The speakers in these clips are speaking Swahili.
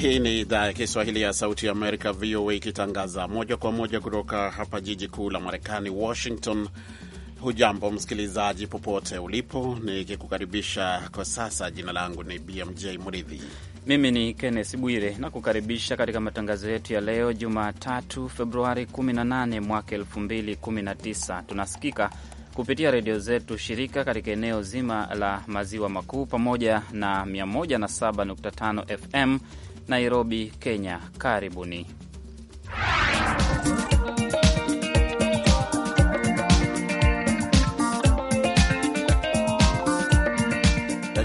Hii ni idhaa ya Kiswahili ya Sauti ya Amerika, VOA, ikitangaza moja kwa moja kutoka hapa jiji kuu la Marekani, Washington. Hujambo msikilizaji, popote ulipo, nikikukaribisha kwa sasa. Jina langu ni BMJ Mridhi, mimi ni kennes Bwire na kukaribisha katika matangazo yetu ya leo Jumatatu, Februari 18 mwaka 2019. Tunasikika kupitia redio zetu shirika katika eneo zima la maziwa makuu pamoja na 107.5 FM Nairobi, Kenya. Karibuni.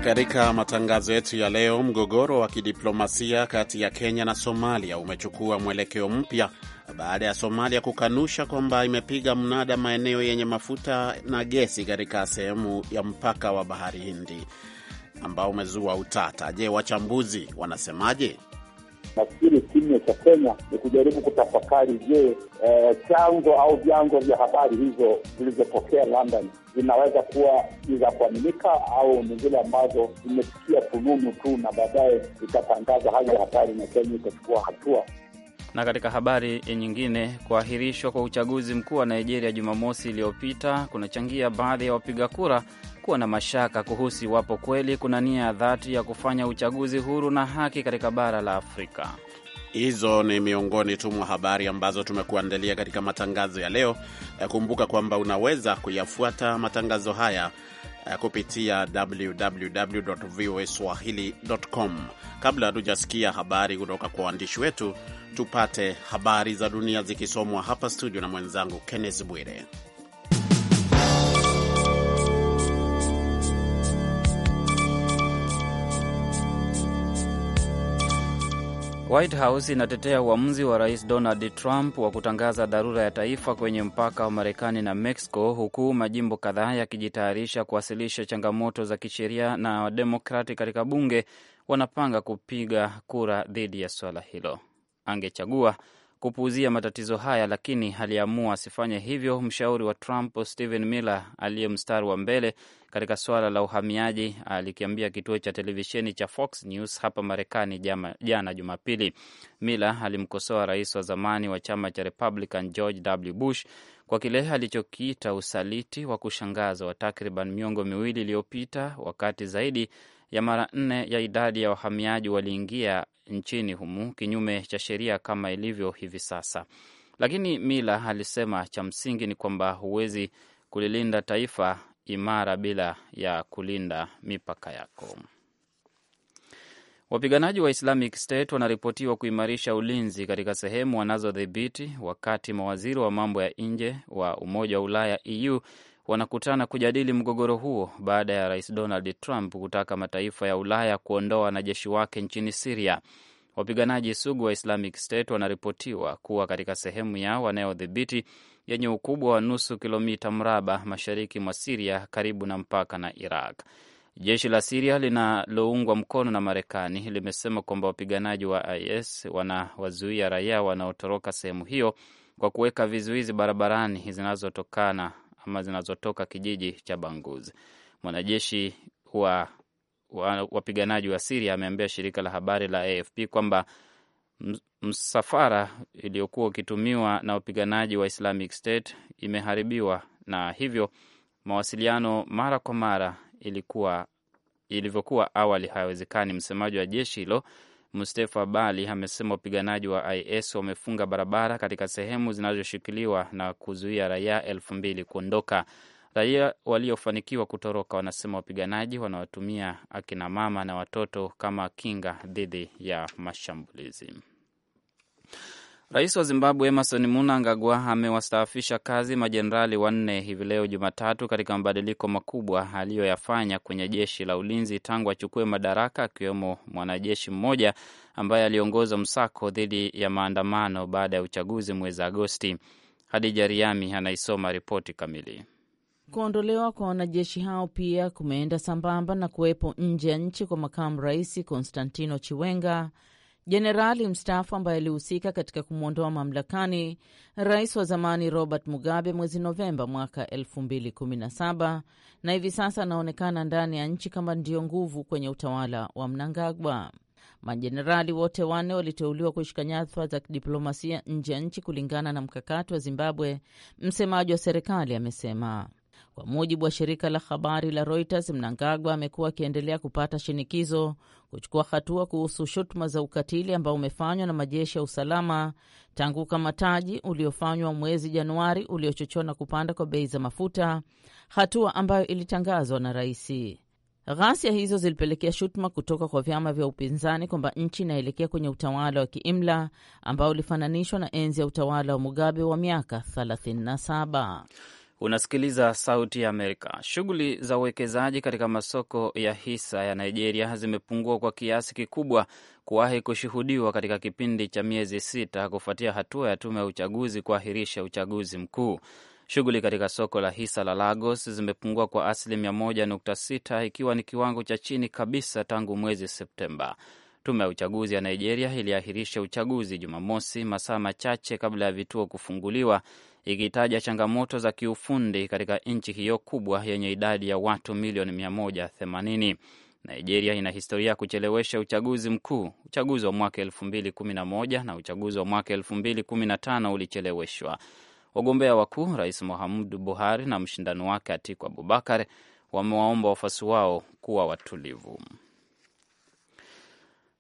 Katika matangazo yetu ya leo, mgogoro wa kidiplomasia kati ya Kenya na Somalia umechukua mwelekeo mpya baada ya Somalia kukanusha kwamba imepiga mnada maeneo yenye mafuta na gesi katika sehemu ya mpaka wa bahari Hindi ambao umezua utata. Je, wachambuzi wanasemaje? Nafikiri kimya cha Kenya ni kujaribu kutafakari, je, eh, chanzo eh, au vyanzo vya habari hizo zilizotokea London zinaweza kuwa ni za kuaminika au ni zile ambazo zimefikia fununu tu, na baadaye itatangaza hali ya hatari na Kenya itachukua hatua. Na katika habari nyingine, kuahirishwa kwa uchaguzi mkuu wa Nigeria Jumamosi iliyopita kunachangia baadhi ya wapiga kura kumekuwa na mashaka kuhusu iwapo kweli kuna nia ya dhati ya kufanya uchaguzi huru na haki katika bara la Afrika. Hizo ni miongoni tu mwa habari ambazo tumekuandalia katika matangazo ya leo. Eh, kumbuka kwamba unaweza kuyafuata matangazo haya eh, kupitia www voa swahili.com. Kabla hatujasikia habari kutoka kwa waandishi wetu, tupate habari za dunia zikisomwa hapa studio na mwenzangu Kenneth Bwire. White House inatetea uamuzi wa rais Donald Trump wa kutangaza dharura ya taifa kwenye mpaka wa Marekani na Mexico, huku majimbo kadhaa yakijitayarisha kuwasilisha changamoto za kisheria, na Wademokrati katika bunge wanapanga kupiga kura dhidi ya swala hilo. Angechagua kupuuzia matatizo haya, lakini aliamua asifanye hivyo. Mshauri wa Trump Stephen Miller, aliye mstari wa mbele katika suala la uhamiaji, alikiambia kituo cha televisheni cha Fox News hapa Marekani jana Jumapili. Miller alimkosoa rais wa zamani wa chama cha Republican George W. Bush kwa kile alichokiita usaliti wa kushangaza wa takriban miongo miwili iliyopita, wakati zaidi ya mara nne ya idadi ya wahamiaji waliingia nchini humu kinyume cha sheria kama ilivyo hivi sasa. Lakini Mila alisema cha msingi ni kwamba huwezi kulilinda taifa imara bila ya kulinda mipaka yako. Wapiganaji wa Islamic State wanaripotiwa kuimarisha ulinzi katika sehemu wanazodhibiti, wakati mawaziri wa mambo ya nje wa Umoja wa Ulaya EU wanakutana kujadili mgogoro huo baada ya rais Donald Trump kutaka mataifa ya Ulaya kuondoa wanajeshi wake nchini Siria. Wapiganaji sugu wa Islamic State wanaripotiwa kuwa katika sehemu yao wanayodhibiti yenye ukubwa wa nusu kilomita mraba mashariki mwa Siria, karibu na mpaka na Iraq. Jeshi la Siria linaloungwa mkono na Marekani limesema kwamba wapiganaji wa IS wanawazuia raia wanaotoroka sehemu hiyo kwa kuweka vizuizi barabarani zinazotokana ama zinazotoka kijiji cha Banguz. Mwanajeshi wa wapiganaji wa, wa Siria ameambia shirika la habari la AFP kwamba msafara iliyokuwa ukitumiwa na wapiganaji wa Islamic State imeharibiwa na hivyo mawasiliano mara kwa mara ilikuwa ilivyokuwa awali hayawezekani. Msemaji wa jeshi hilo Mustefa Bali amesema wapiganaji wa IS wamefunga barabara katika sehemu zinazoshikiliwa na kuzuia raia elfu mbili kuondoka. Raia waliofanikiwa kutoroka wanasema wapiganaji wanawatumia akina mama na watoto kama kinga dhidi ya mashambulizi. Rais wa Zimbabwe Emerson Mnangagwa amewastaafisha kazi majenerali wanne hivi leo Jumatatu, katika mabadiliko makubwa aliyoyafanya kwenye jeshi la ulinzi tangu achukue madaraka, akiwemo mwanajeshi mmoja ambaye aliongoza msako dhidi ya maandamano baada ya uchaguzi mwezi Agosti. Hadija Riami anaisoma ripoti kamili. Kuondolewa kwa wanajeshi hao pia kumeenda sambamba na kuwepo nje ya nchi kwa makamu rais Konstantino Chiwenga jenerali mstaafu ambaye alihusika katika kumwondoa mamlakani rais wa zamani Robert Mugabe mwezi Novemba mwaka 2017 na hivi sasa anaonekana ndani ya nchi kama ndiyo nguvu kwenye utawala wa Mnangagwa. Majenerali wote wanne waliteuliwa kushika nyadhifa za kidiplomasia nje ya nchi kulingana na mkakati wa Zimbabwe, msemaji wa serikali amesema. Kwa mujibu wa shirika la habari la Reuters, Mnangagwa amekuwa akiendelea kupata shinikizo kuchukua hatua kuhusu shutuma za ukatili ambao umefanywa na majeshi ya usalama tangu ukamataji uliofanywa mwezi Januari uliochochewa na kupanda kwa bei za mafuta, hatua ambayo ilitangazwa na raisi. Ghasia hizo zilipelekea shutuma kutoka kwa vyama vya upinzani kwamba nchi inaelekea kwenye utawala wa kiimla ambao ulifananishwa na enzi ya utawala wa Mugabe wa miaka 37. Unasikiliza Sauti ya Amerika. Shughuli za uwekezaji katika masoko ya hisa ya Nigeria zimepungua kwa kiasi kikubwa kuwahi kushuhudiwa katika kipindi cha miezi sita kufuatia hatua ya tume ya uchaguzi kuahirisha uchaguzi mkuu. Shughuli katika soko la hisa la Lagos zimepungua kwa asilimia 1.6 ikiwa ni kiwango cha chini kabisa tangu mwezi Septemba. Tume ya uchaguzi ya Nigeria iliahirisha uchaguzi Jumamosi, masaa machache kabla ya vituo kufunguliwa ikitaja changamoto za kiufundi katika nchi hiyo kubwa yenye idadi ya watu milioni 180. Nigeria ina historia ya kuchelewesha uchaguzi mkuu. Uchaguzi wa mwaka 2011 na uchaguzi wa mwaka 2015 ulicheleweshwa. Wagombea wakuu Rais Muhammadu Buhari na mshindani wake Atiku Abubakar wamewaomba wafuasi wao kuwa watulivu.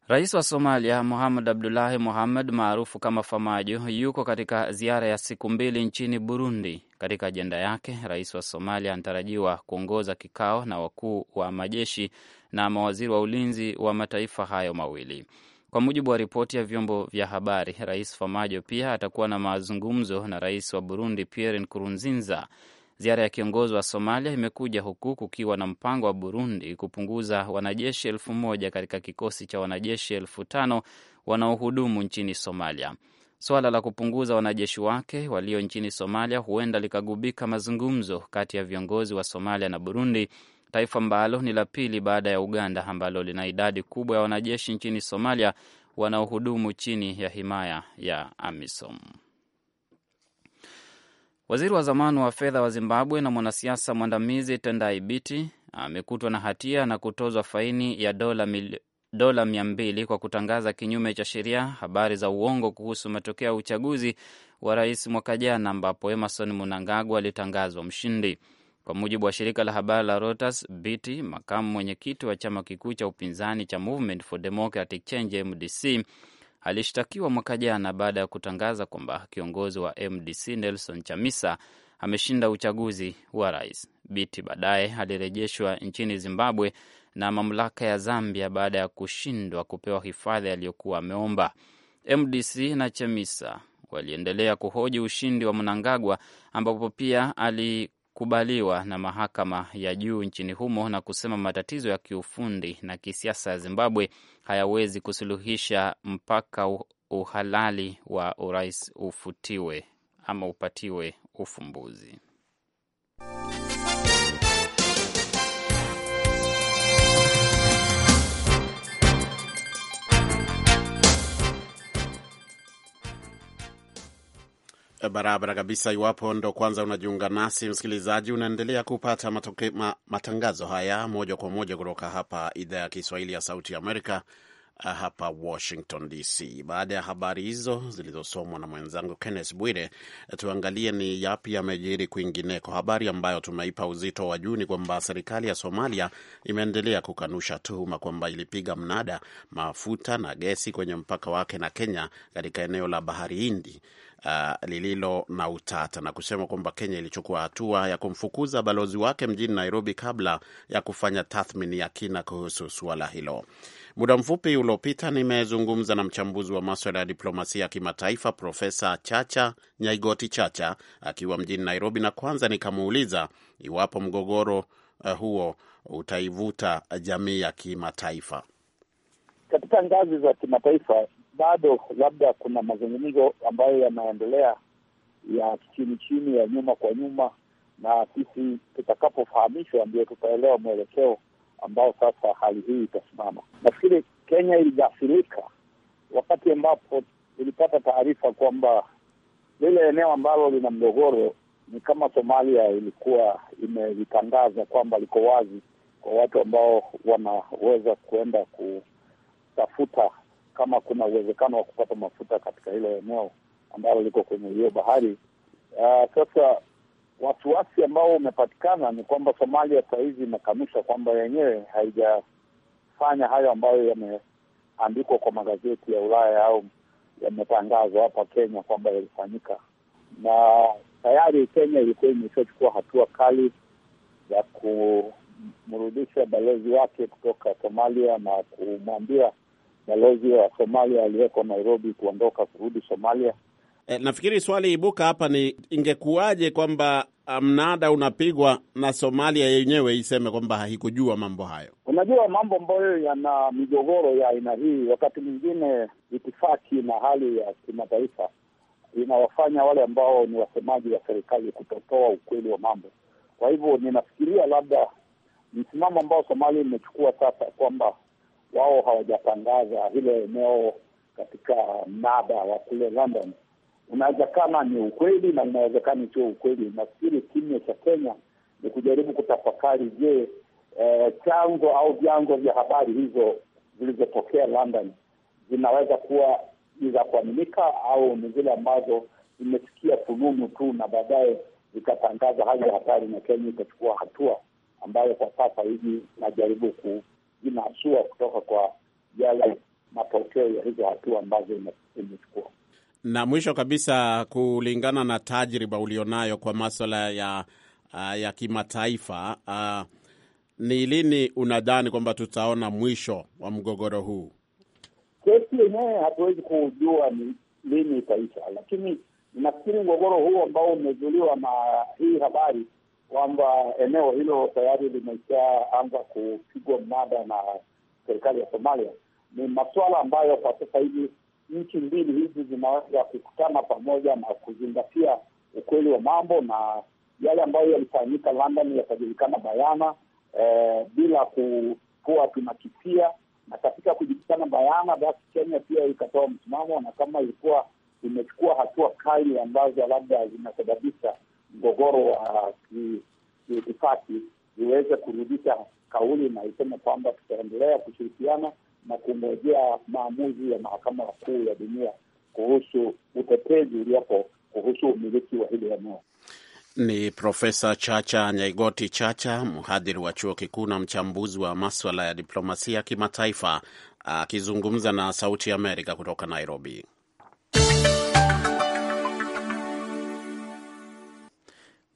Rais wa Somalia Mohamed abdulahi Muhamed maarufu kama famajo yuko katika ziara ya siku mbili nchini Burundi. Katika ajenda yake, rais wa Somalia anatarajiwa kuongoza kikao na wakuu wa majeshi na mawaziri wa ulinzi wa mataifa hayo mawili. Kwa mujibu wa ripoti ya vyombo vya habari, rais famajo pia atakuwa na mazungumzo na rais wa Burundi Pierre Nkurunziza Ziara ya kiongozi wa Somalia imekuja huku kukiwa na mpango wa Burundi kupunguza wanajeshi elfu moja katika kikosi cha wanajeshi elfu tano wanaohudumu nchini Somalia. Suala la kupunguza wanajeshi wake walio nchini Somalia huenda likagubika mazungumzo kati ya viongozi wa Somalia na Burundi, taifa ambalo ni la pili baada ya Uganda ambalo lina idadi kubwa ya wanajeshi nchini Somalia wanaohudumu chini ya himaya ya AMISOM. Waziri wa zamani wa fedha wa Zimbabwe na mwanasiasa mwandamizi Tendai Biti amekutwa na hatia na kutozwa faini ya dola mil dola mia mbili kwa kutangaza kinyume cha sheria habari za uongo kuhusu matokeo ya uchaguzi wa rais mwaka jana ambapo Emerson Mnangagwa alitangazwa mshindi. Kwa mujibu wa shirika la habari la Reuters, Biti, makamu mwenyekiti wa chama kikuu cha upinzani cha Movement for Democratic Change MDC, alishtakiwa mwaka jana baada ya kutangaza kwamba kiongozi wa MDC Nelson Chamisa ameshinda uchaguzi wa rais. Biti baadaye alirejeshwa nchini Zimbabwe na mamlaka ya Zambia baada ya kushindwa kupewa hifadhi aliyokuwa ameomba. MDC na Chamisa waliendelea kuhoji ushindi wa Mnangagwa ambapo pia ali kubaliwa na mahakama ya juu nchini humo na kusema matatizo ya kiufundi na kisiasa ya Zimbabwe hayawezi kusuluhisha mpaka uhalali wa urais ufutiwe ama upatiwe ufumbuzi. barabara kabisa. Iwapo ndo kwanza unajiunga nasi, msikilizaji, unaendelea kupata matoke, ma, matangazo haya moja kwa moja kutoka hapa idhaa ya Kiswahili ya Sauti ya Amerika ah, hapa Washington DC. Baada ya habari hizo zilizosomwa na mwenzangu Kenneth Bwire, tuangalie ni yapi yamejiri kwingineko. Habari ambayo tumeipa uzito wa juu ni kwamba serikali ya Somalia imeendelea kukanusha tuhuma kwamba ilipiga mnada mafuta na gesi kwenye mpaka wake na Kenya katika eneo la bahari Hindi uh, lililo na utata na kusema kwamba Kenya ilichukua hatua ya kumfukuza balozi wake mjini Nairobi kabla ya kufanya tathmini ya kina kuhusu suala hilo. Muda mfupi uliopita nimezungumza na mchambuzi wa maswala ya diplomasia ya kimataifa Profesa Chacha Nyaigoti Chacha akiwa mjini Nairobi, na kwanza nikamuuliza iwapo mgogoro uh, huo utaivuta jamii ya kimataifa. Katika ngazi za kimataifa, bado labda kuna mazungumzo ambayo yanaendelea ya chini chini, ya nyuma kwa nyuma, na sisi tutakapofahamishwa ndio tutaelewa mwelekeo ambao sasa hali hii itasimama. Nafikiri Kenya iligafirika wakati ambapo ilipata taarifa kwamba lile eneo ambalo lina mgogoro ni kama Somalia ilikuwa imelitangaza kwamba liko wazi kwa watu ambao wanaweza kuenda kutafuta kama kuna uwezekano wa kupata mafuta katika hilo eneo ambalo liko kwenye hiyo bahari. Uh, sasa wasiwasi ambao umepatikana ni kwamba Somalia sahizi imekanusha kwamba yenyewe haijafanya hayo ambayo yameandikwa kwa magazeti ya Ulaya au yametangazwa hapa Kenya kwamba yalifanyika, na tayari Kenya ilikuwa imeshachukua hatua kali ya kumrudisha balozi wake kutoka Somalia na kumwambia balozi wa Somalia aliyeko Nairobi kuondoka kurudi Somalia. E, nafikiri swali ibuka hapa ni ingekuwaje kwamba uh, mnada unapigwa na Somalia yenyewe iseme kwamba haikujua mambo hayo. Unajua, mambo ambayo yana migogoro ya aina hii, wakati mwingine itifaki na hali ya kimataifa inawafanya wale ambao ni wasemaji wa serikali kutotoa ukweli wa mambo. Kwa hivyo ninafikiria labda msimamo ambao Somalia imechukua sasa kwamba wao hawajatangaza hilo eneo katika mnada wa kule London. Unawezekana ni ukweli na inawezekana sio ukweli. Nafikiri kimya cha Kenya ni kujaribu kutafakari, je, eh, chanzo au vyanzo vya habari hizo zilizotokea London zinaweza kuwa ni za kuaminika au ni zile ambazo zimesikia fununu tu na baadaye zikatangaza hali ya hatari na Kenya ikachukua hatua ambayo kwa sasa hivi najaribu ku inaasua kutoka kwa yale matokeo ya hizo hatua ambazo imechukua. Na mwisho kabisa, kulingana na tajriba ulionayo kwa maswala ya uh, ya kimataifa, uh, ni lini unadhani kwamba tutaona mwisho wa mgogoro huu? Kesi yenyewe hatuwezi kujua ni lini itaisha, lakini nafikiri mgogoro huu ambao umezuliwa na hii habari kwamba eneo hilo tayari limeshaanza kupigwa mnada na serikali ya Somalia. Ni masuala ambayo kwa sasa hivi nchi mbili hizi zinaweza kukutana pamoja na kuzingatia ukweli wa mambo na yale ambayo yalifanyika London yakajulikana bayana eh, bila kukuwa tunakitia. Na katika kujulikana bayana, basi Kenya pia ikatoa msimamo, na kama ilikuwa imechukua hatua kali ambazo labda zinasababisha mgogoro wa kiitifaki iweze kurudisha kauli na isema kwamba tutaendelea kushirikiana na kungojea maamuzi ya mahakama kuu ya dunia kuhusu utetezi uliopo kuhusu umiliki wa hili eneo. Ni Profesa Chacha Nyaigoti Chacha, mhadhiri wa chuo kikuu na mchambuzi wa maswala ya diplomasia kimataifa, akizungumza na Sauti Amerika kutoka Nairobi.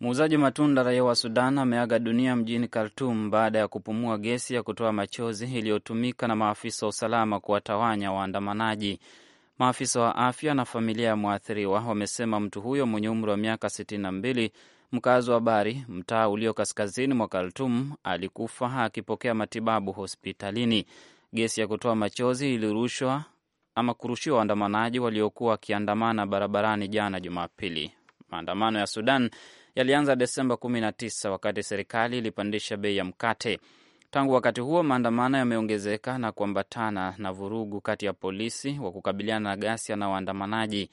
Muuzaji matunda raia wa Sudan ameaga dunia mjini Khartum baada ya kupumua gesi ya kutoa machozi iliyotumika na maafisa wa usalama kuwatawanya waandamanaji. Maafisa wa afya na familia ya mwathiriwa wamesema mtu huyo mwenye umri wa miaka 62 mkazi wa Bari, mtaa ulio kaskazini mwa Khartum, alikufa akipokea matibabu hospitalini. Gesi ya kutoa machozi ilirushwa ama kurushiwa waandamanaji waliokuwa wakiandamana barabarani jana Jumapili. Maandamano ya Sudan yalianza Desemba 19 wakati serikali ilipandisha bei ya mkate. Tangu wakati huo maandamano yameongezeka na kuambatana na vurugu kati ya polisi wa kukabiliana na ghasia na waandamanaji.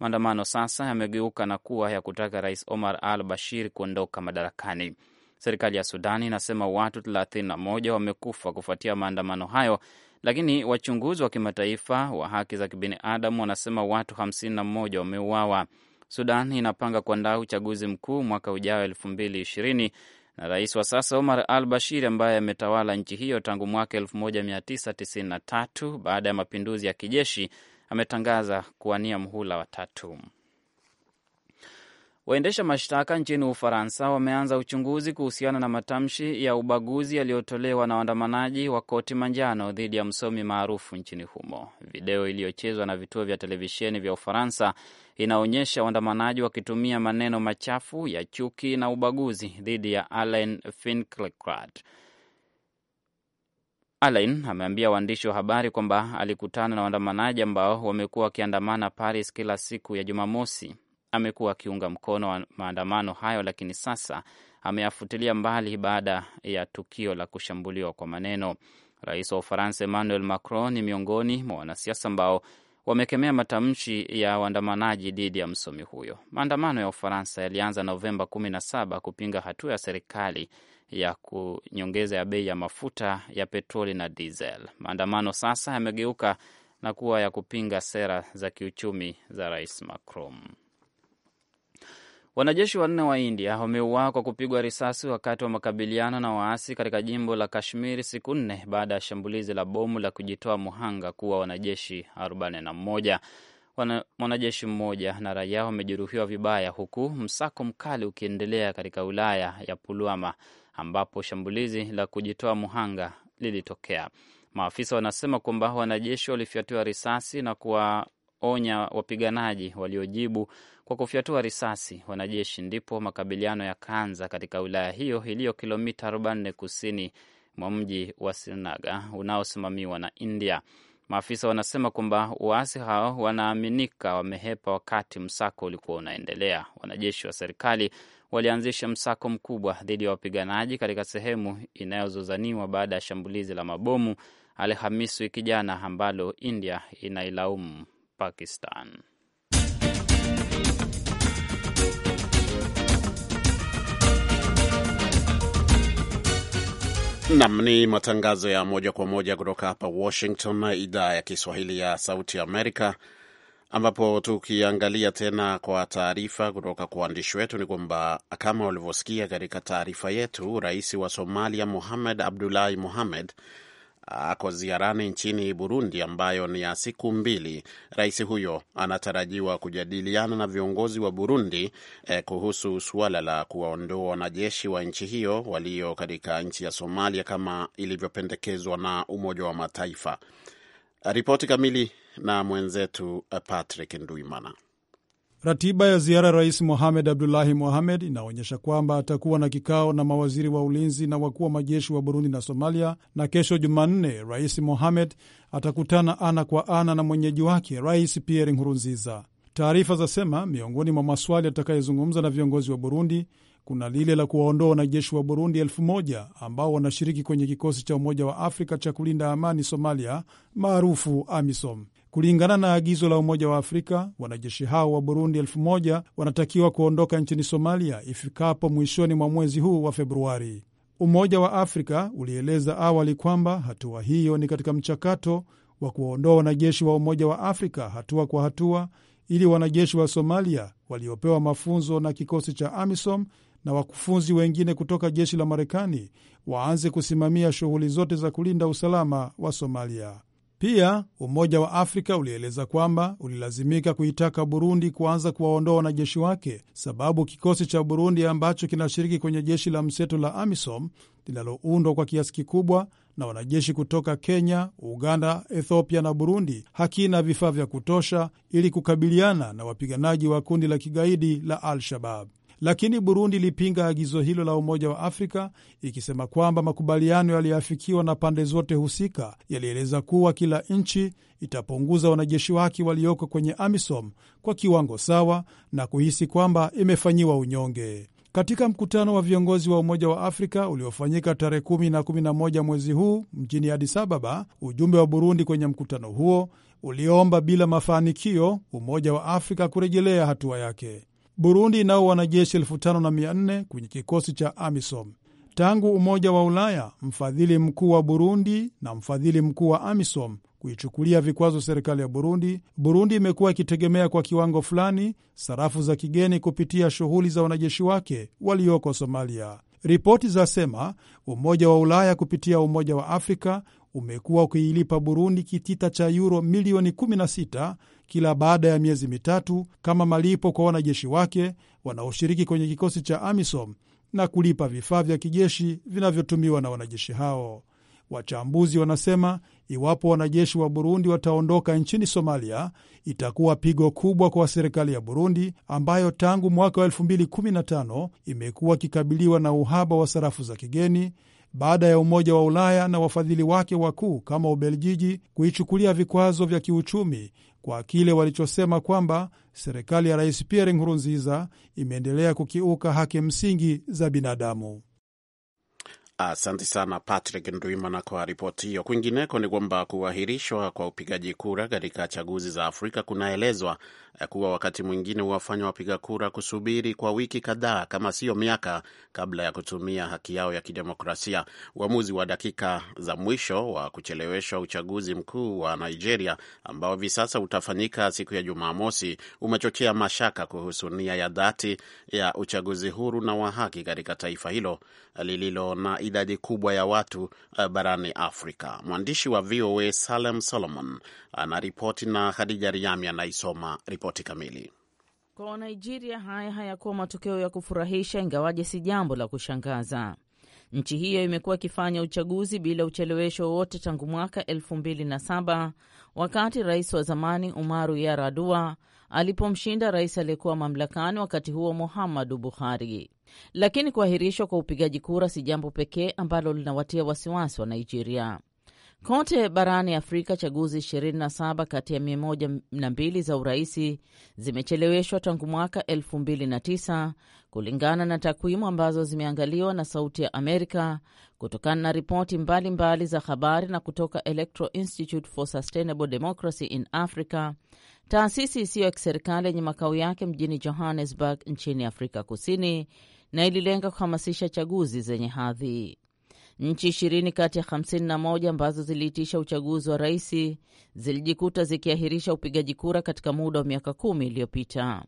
Maandamano sasa yamegeuka na kuwa ya kutaka Rais Omar al Bashir kuondoka madarakani. Serikali ya Sudani inasema watu 31 wamekufa kufuatia maandamano hayo, lakini wachunguzi wa kimataifa wa haki za kibinadamu wanasema watu 51 wameuawa. Sudan inapanga kuandaa uchaguzi mkuu mwaka ujao elfu mbili ishirini na rais wa sasa Omar al Bashir ambaye ametawala nchi hiyo tangu mwaka 1993 baada ya mapinduzi ya kijeshi ametangaza kuwania mhula watatu. Waendesha mashtaka nchini Ufaransa wameanza uchunguzi kuhusiana na matamshi ya ubaguzi yaliyotolewa na waandamanaji wa koti manjano dhidi ya msomi maarufu nchini humo. Video iliyochezwa na vituo vya televisheni vya Ufaransa inaonyesha waandamanaji wakitumia maneno machafu ya chuki na ubaguzi dhidi ya Alain Finkielkraut. Alain ameambia waandishi wa habari kwamba alikutana na waandamanaji ambao wamekuwa wakiandamana Paris kila siku ya Jumamosi amekuwa akiunga mkono maandamano hayo, lakini sasa ameyafutilia mbali baada ya tukio la kushambuliwa kwa maneno. Rais wa Ufaransa Emmanuel Macron ni miongoni mwa wanasiasa ambao wamekemea matamshi ya waandamanaji dhidi ya msomi huyo. Maandamano ya Ufaransa yalianza Novemba 17 kupinga hatua ya serikali ya kunyongeza ya bei ya mafuta ya petroli na diesel. Maandamano sasa yamegeuka na kuwa ya kupinga sera za kiuchumi za Rais Macron. Wanajeshi wanne wa India wameuawa kwa kupigwa risasi wakati wa makabiliano na waasi katika jimbo la Kashmiri siku nne baada ya shambulizi la bomu la kujitoa muhanga kuwa wanajeshi 41. Mwanajeshi mmoja na raia wamejeruhiwa vibaya, huku msako mkali ukiendelea katika wilaya ya Pulwama ambapo shambulizi la kujitoa muhanga lilitokea. Maafisa wanasema kwamba wanajeshi walifyatiwa risasi na kuwa onya wapiganaji waliojibu kwa kufyatua risasi wanajeshi, ndipo makabiliano yakaanza katika wilaya hiyo iliyo kilomita 4 kusini mwa mji wa Srinagar unaosimamiwa na India. Maafisa wanasema kwamba waasi hao wanaaminika wamehepa wakati msako ulikuwa unaendelea. Wanajeshi wa serikali walianzisha msako mkubwa dhidi ya wapiganaji katika sehemu inayozozaniwa baada ya shambulizi la mabomu Alhamisi wiki jana ambalo India inailaumu Pakistan. Nam ni matangazo ya moja kwa moja kutoka hapa Washington, idhaa ya Kiswahili ya Sauti ya Amerika, ambapo tukiangalia tena kwa taarifa kutoka kwa waandishi wetu ni kwamba kama walivyosikia katika taarifa yetu, rais wa Somalia Mohamed Abdullahi Mohamed ako ziarani nchini Burundi ambayo ni ya siku mbili. Rais huyo anatarajiwa kujadiliana na viongozi wa Burundi eh, kuhusu suala la kuwaondoa wanajeshi wa nchi hiyo walio katika nchi ya Somalia kama ilivyopendekezwa na Umoja wa Mataifa. Ripoti kamili na mwenzetu eh, Patrick Nduimana. Ratiba ya ziara ya Rais Mohamed Abdullahi Mohamed inaonyesha kwamba atakuwa na kikao na mawaziri wa ulinzi na wakuu wa majeshi wa Burundi na Somalia, na kesho Jumanne Rais Mohamed atakutana ana kwa ana na mwenyeji wake Rais Pierre Nkurunziza. Taarifa zasema miongoni mwa maswali atakayezungumza na viongozi wa Burundi kuna lile la kuwaondoa wanajeshi wa Burundi elfu moja ambao wanashiriki kwenye kikosi cha Umoja wa Afrika cha kulinda amani Somalia, maarufu AMISOM. Kulingana na agizo la Umoja wa Afrika, wanajeshi hao wa Burundi elfu moja wanatakiwa kuondoka nchini Somalia ifikapo mwishoni mwa mwezi huu wa Februari. Umoja wa Afrika ulieleza awali kwamba hatua hiyo ni katika mchakato wa kuwaondoa wanajeshi wa Umoja wa Afrika hatua kwa hatua ili wanajeshi wa Somalia waliopewa mafunzo na kikosi cha AMISOM na wakufunzi wengine kutoka jeshi la Marekani waanze kusimamia shughuli zote za kulinda usalama wa Somalia. Pia Umoja wa Afrika ulieleza kwamba ulilazimika kuitaka Burundi kuanza kuwaondoa wanajeshi wake, sababu kikosi cha Burundi ambacho kinashiriki kwenye jeshi la mseto la AMISOM linaloundwa kwa kiasi kikubwa na wanajeshi kutoka Kenya, Uganda, Ethiopia na Burundi hakina vifaa vya kutosha ili kukabiliana na wapiganaji wa kundi la kigaidi la Al-Shabab lakini Burundi ilipinga agizo hilo la Umoja wa Afrika ikisema kwamba makubaliano yaliyoafikiwa na pande zote husika yalieleza kuwa kila nchi itapunguza wanajeshi wake walioko kwenye AMISOM kwa kiwango sawa na kuhisi kwamba imefanyiwa unyonge. Katika mkutano wa viongozi wa Umoja wa Afrika uliofanyika tarehe kumi na moja mwezi huu mjini Addis Ababa, ujumbe wa Burundi kwenye mkutano huo uliomba bila mafanikio Umoja wa Afrika kurejelea hatua yake. Burundi nao wanajeshi elfu tano na mia nne kwenye kikosi cha AMISOM. Tangu Umoja wa Ulaya, mfadhili mkuu wa Burundi na mfadhili mkuu wa AMISOM kuichukulia vikwazo serikali ya Burundi, Burundi imekuwa ikitegemea kwa kiwango fulani sarafu za kigeni kupitia shughuli za wanajeshi wake walioko Somalia. Ripoti zasema Umoja wa Ulaya kupitia Umoja wa Afrika umekuwa ukiilipa Burundi kitita cha yuro milioni 16 kila baada ya miezi mitatu kama malipo kwa wanajeshi wake wanaoshiriki kwenye kikosi cha AMISOM na kulipa vifaa vya kijeshi vinavyotumiwa na wanajeshi hao. Wachambuzi wanasema iwapo wanajeshi wa Burundi wataondoka nchini Somalia, itakuwa pigo kubwa kwa serikali ya Burundi ambayo tangu mwaka wa 2015 imekuwa ikikabiliwa na uhaba wa sarafu za kigeni baada ya Umoja wa Ulaya na wafadhili wake wakuu kama Ubelgiji kuichukulia vikwazo vya kiuchumi kwa kile walichosema kwamba serikali ya Rais Pierre Nkurunziza imeendelea kukiuka haki msingi za binadamu. Asante sana Patrick Ndwimana kwa ripoti hiyo. Kwingineko ni kwamba kuahirishwa kwa upigaji kura katika chaguzi za Afrika kunaelezwa kuwa wakati mwingine huwafanya wapiga kura kusubiri kwa wiki kadhaa kama sio miaka kabla ya kutumia haki yao ya kidemokrasia. Uamuzi wa dakika za mwisho wa kucheleweshwa uchaguzi mkuu wa Nigeria ambao hivi sasa utafanyika siku ya Jumamosi umechochea mashaka kuhusu nia ya dhati ya uchaguzi huru na wa haki katika taifa hilo lililo na idadi kubwa ya watu eh, barani Afrika. Mwandishi wa VOA Salem Solomon anaripoti na Khadija Riami anaisoma ripoti kamili. Kwa wanigeria haya hayakuwa matokeo ya kufurahisha, ingawaje si jambo la kushangaza. Nchi hiyo imekuwa ikifanya uchaguzi bila uchelewesho wowote tangu mwaka 2007 wakati rais wa zamani Umaru Yar'adua alipomshinda rais aliyekuwa mamlakani wakati huo Muhammadu Buhari. Lakini kuahirishwa kwa upigaji kura si jambo pekee ambalo linawatia wasiwasi wa Nigeria. Kote barani Afrika, chaguzi 27 kati ya 102 za uraisi zimecheleweshwa tangu mwaka 2009 kulingana na takwimu ambazo zimeangaliwa na Sauti ya Amerika kutokana na ripoti mbalimbali za habari na kutoka Electro Institute for Sustainable Democracy in Africa, taasisi isiyo ya kiserikali yenye makao yake mjini Johannesburg nchini Afrika Kusini, na ililenga kuhamasisha chaguzi zenye hadhi. Nchi ishirini kati ya 51 ambazo ziliitisha uchaguzi wa rais zilijikuta zikiahirisha upigaji kura katika muda wa miaka kumi iliyopita.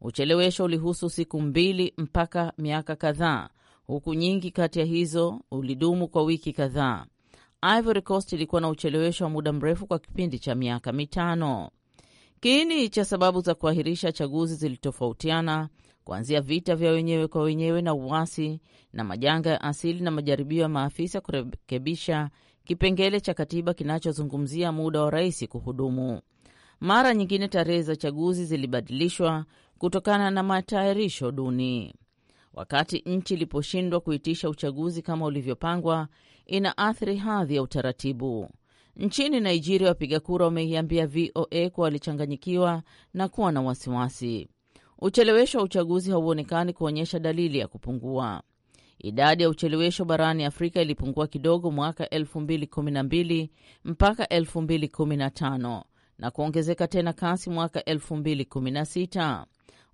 Uchelewesho ulihusu siku mbili mpaka miaka kadhaa, huku nyingi kati ya hizo ulidumu kwa wiki kadhaa. Ivory Coast ilikuwa na uchelewesho wa muda mrefu kwa kipindi cha miaka mitano. Kiini cha sababu za kuahirisha chaguzi zilitofautiana, kuanzia vita vya wenyewe kwa wenyewe na uwasi na majanga ya asili na majaribio ya maafisa kurekebisha kipengele cha katiba kinachozungumzia muda wa rais kuhudumu. Mara nyingine tarehe za chaguzi zilibadilishwa kutokana na matayarisho duni. Wakati nchi iliposhindwa kuitisha uchaguzi kama ulivyopangwa, ina athiri hadhi ya utaratibu. Nchini Nigeria, wapiga kura wameiambia VOA kuwa walichanganyikiwa na kuwa na wasiwasi. Uchelewesho wa uchaguzi hauonekani kuonyesha dalili ya kupungua. Idadi ya uchelewesho barani Afrika ilipungua kidogo mwaka 2012 mpaka 2015 na kuongezeka tena kasi mwaka 2016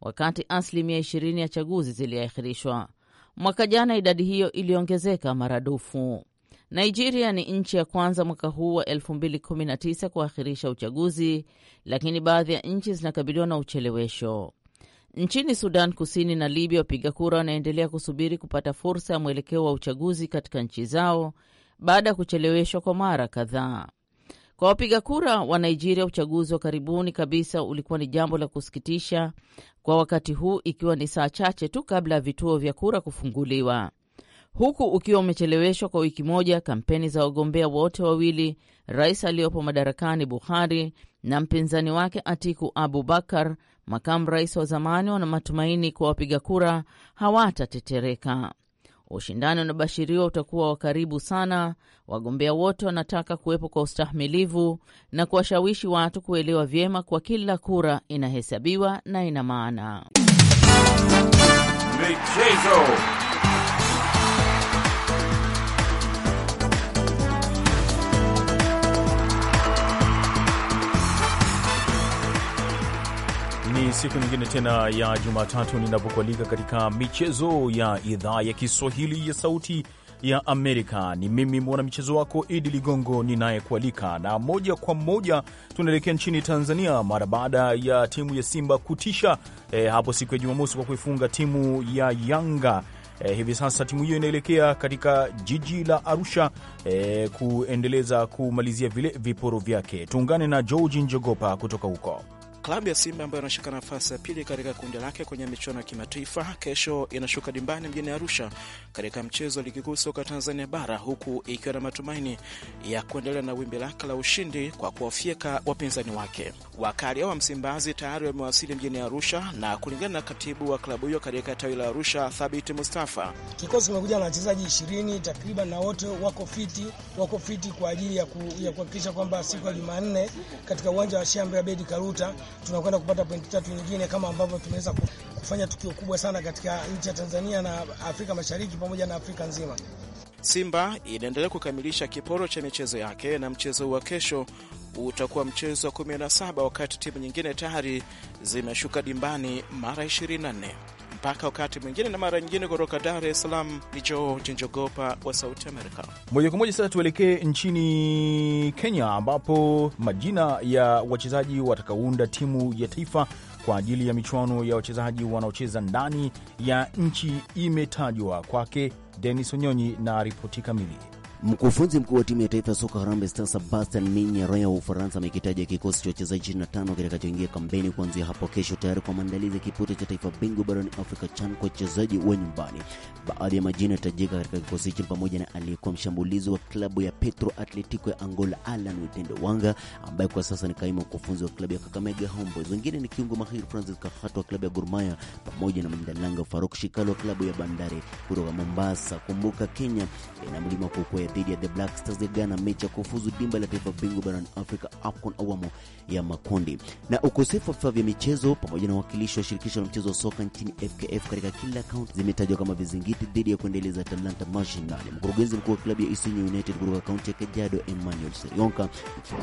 wakati asilimia 20 ya chaguzi ziliahirishwa. Mwaka jana idadi hiyo iliongezeka maradufu. Nigeria ni nchi ya kwanza mwaka huu wa 2019 kuahirisha uchaguzi, lakini baadhi ya nchi zinakabiliwa na uchelewesho. Nchini Sudan Kusini na Libya, wapiga kura wanaendelea kusubiri kupata fursa ya mwelekeo wa uchaguzi katika nchi zao baada ya kucheleweshwa kwa mara kadhaa. Kwa wapiga kura wa Nigeria, uchaguzi wa karibuni kabisa ulikuwa ni jambo la kusikitisha kwa wakati huu, ikiwa ni saa chache tu kabla ya vituo vya kura kufunguliwa, huku ukiwa umecheleweshwa kwa wiki moja kampeni za wagombea wote wawili, rais aliyopo madarakani Buhari na mpinzani wake Atiku Abubakar Makamu rais wa zamani wana matumaini kuwa wapiga kura hawatatetereka. Ushindani unabashiriwa utakuwa wa karibu sana. Wagombea wote wanataka kuwepo kwa ustahimilivu na kuwashawishi watu kuelewa vyema kwa kila kura inahesabiwa na ina maana. Michezo. Ni siku nyingine tena ya Jumatatu ninapokualika katika michezo ya idhaa ya Kiswahili ya Sauti ya Amerika. Ni mimi mwana michezo wako Idi Ligongo ninayekualika, na moja kwa moja tunaelekea nchini Tanzania mara baada ya timu ya Simba kutisha e, hapo siku ya Jumamosi kwa kuifunga timu ya Yanga. E, hivi sasa timu hiyo inaelekea katika jiji la Arusha e, kuendeleza kumalizia vile viporo vyake. Tuungane na George Njogopa kutoka huko. Klabu ya Simba ambayo inashika nafasi ya pili katika kundi lake kwenye michuano ya kimataifa kesho inashuka dimbani mjini Arusha katika mchezo wa ligi kuu soka Tanzania bara huku ikiwa na matumaini ya kuendelea na wimbi lake la ushindi kwa kuwafyeka wapinzani wake. wakali wa Msimbazi tayari wamewasili mjini Arusha na kulingana na katibu wa klabu hiyo katika tawi la Arusha, Thabiti Mustafa, kikosi kimekuja na wachezaji ishirini takriban na wote wako fiti, wako fiti kwa ajili ya kuhakikisha kwamba siku ya Jumanne katika uwanja wa Shambe Abedi Karuta tunakwenda kupata pointi tatu nyingine kama ambavyo tumeweza kufanya tukio kubwa sana katika nchi ya Tanzania na Afrika Mashariki pamoja na Afrika nzima. Simba inaendelea kukamilisha kiporo cha michezo yake na mchezo wa kesho utakuwa mchezo wa 17 wakati timu nyingine tayari zimeshuka dimbani mara 24 mpaka wakati mwingine na mara nyingine. Kutoka Dar es Salaam ni George Njogopa wa Sauti Amerika. Moja kwa moja sasa tuelekee nchini Kenya, ambapo majina ya wachezaji watakaounda timu ya taifa kwa ajili ya michuano ya wachezaji wanaocheza ndani ya nchi imetajwa kwake. Denis Onyonyi na ripoti kamili. Mkufunzi mkuu wa timu ya taifa soka Harambee Stars Sebastian Minyareo wa Ufaransa amekitaja kikosi cha wachezaji 25 kitakachoingia kampeni kuanzia hapo kesho tayari kwa maandalizi ya kipute cha taifa bingwa barani Afrika CHAN kwa wachezaji wa nyumbani. Baadhi ya majina yatajika katika kikosi hicho pamoja na aliyekuwa mshambulizi wa klabu ya Petro Atletico ya Angola Alan Witende Wanga ambaye kwa sasa ni kaimu mkufunzi wa klabu ya Kakamega Homeboys. Wengine ni kiungo mahiri Francis Kahato wa klabu ya Gor Mahia pamoja na mndalanga Faruk Shikalo wa klabu ya Bandari kutoka Mombasa. Kumbuka Kenya ina mlima kukwe dhidi ya the Black Stars ya Ghana, mechi ya kufuzu dimba la taifa bingwa barani Afrika AFCON awamu ya makundi. Na ukosefu wa vifaa vya michezo pamoja na uwakilishi wa shirikisho la mchezo wa soka nchini FKF katika kila kaunti zimetajwa kama vizingiti dhidi ya kuendeleza talanta mashinani. Mkurugenzi mkuu wa klabu ya Isinyo United kutoka kaunti ya Kajiado, Emmanuel Serionka: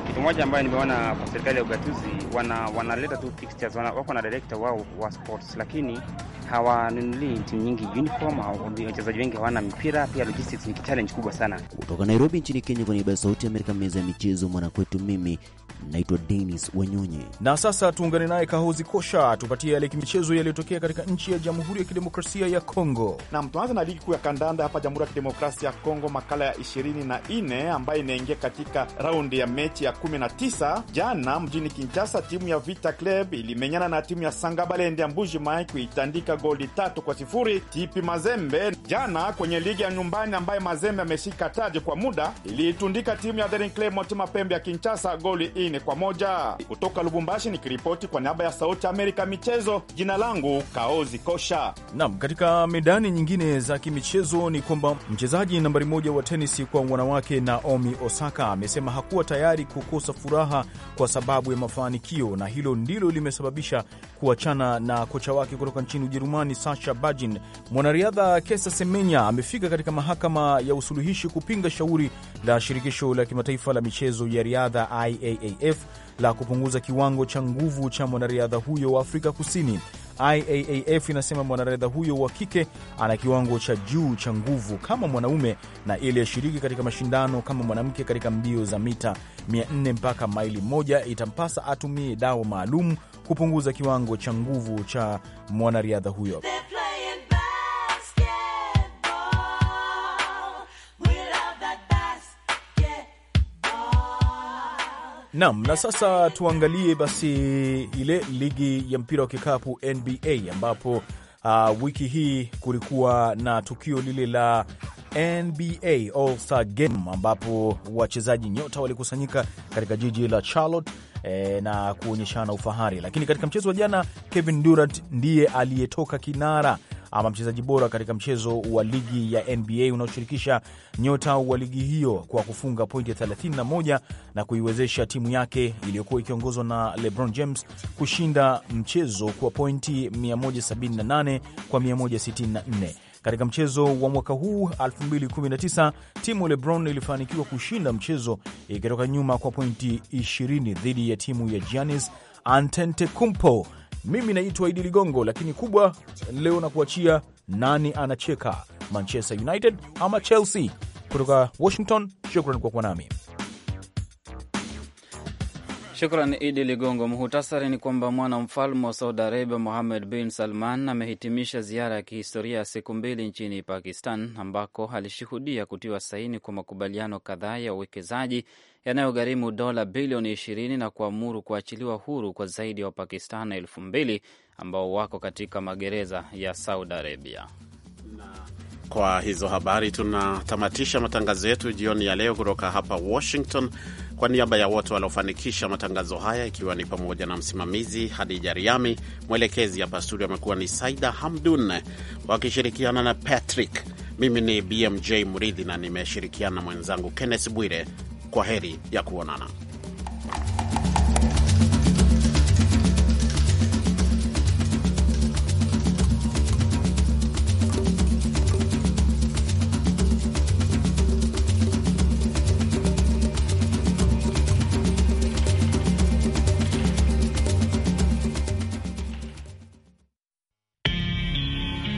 kitu moja ambayo nimeona kwa serikali ya ugatuzi, wana, wanaleta tu fixtures, wana, wako na director wao wa sports, lakini hawanunulii timu nyingi uniform, wachezaji wengi hawana mipira, pia logistics ni challenge kubwa sana. Kutoka Nairobi nchini Kenya, kwa niaba ya Sauti ya Amerika, meza ya michezo mwanakwetu, mimi Naitwa Denis Wanyonyi, na sasa tuungane naye Kahozi Kosha tupatie yale kimichezo yaliyotokea katika nchi ya Jamhuri ya Kidemokrasia ya Kongo. Nam, tuanze na ligi kuu ya kandanda hapa Jamhuri ya Kidemokrasia ya Kongo, makala ya 24 ambayo inaingia katika raundi ya mechi ya 19. Jana mjini Kinshasa, timu ya Vita Club ilimenyana na timu ya Sangabalende ya Mbujimai kuitandika goli tatu kwa sifuri. Tipi Mazembe jana kwenye ligi ya nyumbani ambayo Mazembe ameshika taji kwa muda, iliitundika timu ya Daring Club Motema Pembe ya Kinshasa goli nne kwa moja. Kutoka Lubumbashi nikiripoti kwa niaba ya Sauti Amerika michezo, jina langu Kaozi Kosha. Nam, katika medani nyingine za kimichezo ni kwamba mchezaji nambari moja wa tenisi kwa wanawake Naomi Osaka amesema hakuwa tayari kukosa furaha kwa sababu ya mafanikio, na hilo ndilo limesababisha kuachana na kocha wake kutoka nchini Ujerumani Sasha Bajin. Mwanariadha Kesa Semenya amefika katika mahakama ya usuluhishi kupinga shauri la shirikisho la kimataifa la michezo ya riadha IAAF IAAF la kupunguza kiwango cha nguvu cha mwanariadha huyo wa Afrika Kusini. IAAF inasema mwanariadha huyo wa kike ana kiwango cha juu cha nguvu kama mwanaume na ili ashiriki katika mashindano kama mwanamke katika mbio za mita 400 mpaka maili moja itampasa atumie dawa maalum kupunguza kiwango cha nguvu cha mwanariadha huyo. Naam, na sasa tuangalie basi ile ligi ya mpira wa kikapu NBA ambapo uh, wiki hii kulikuwa na tukio lile la NBA All-Star Game ambapo wachezaji nyota walikusanyika katika jiji la Charlotte eh, na kuonyeshana ufahari, lakini katika mchezo wa jana Kevin Durant ndiye aliyetoka kinara ama mchezaji bora katika mchezo wa ligi ya NBA unaoshirikisha nyota wa ligi hiyo kwa kufunga pointi 31 na, na kuiwezesha timu yake iliyokuwa ikiongozwa na LeBron James kushinda mchezo kwa pointi 178 kwa 164. Katika mchezo wa mwaka huu 2019 timu LeBron ilifanikiwa kushinda mchezo ikitoka nyuma kwa pointi 20 dhidi ya timu ya Giannis Antetokounmpo mimi naitwa Idi Ligongo, lakini kubwa leo na kuachia nani anacheka, Manchester United ama Chelsea? Kutoka Washington, shukran kwa kuwa nami. Shukran Idi Ligongo. Muhutasari ni kwamba mwana mfalme wa Saudi Arabia muhamed bin Salman amehitimisha ziara ya kihistoria ya siku mbili nchini Pakistan, ambako alishuhudia kutiwa saini kwa makubaliano kadhaa ya uwekezaji yanayogharimu dola bilioni 20 na kuamuru kuachiliwa huru kwa zaidi ya wa Wapakistani elfu mbili ambao wako katika magereza ya Saudi Arabia. Kwa hizo habari tunatamatisha matangazo yetu jioni ya leo kutoka hapa Washington. Kwa niaba ya wote waliofanikisha matangazo haya, ikiwa ni pamoja na msimamizi Hadija Riami, mwelekezi hapa studio amekuwa ni Saida Hamdun wakishirikiana na Patrick. Mimi ni BMJ mridhi na nimeshirikiana na mwenzangu Kenneth Bwire. Kwa heri ya kuonana.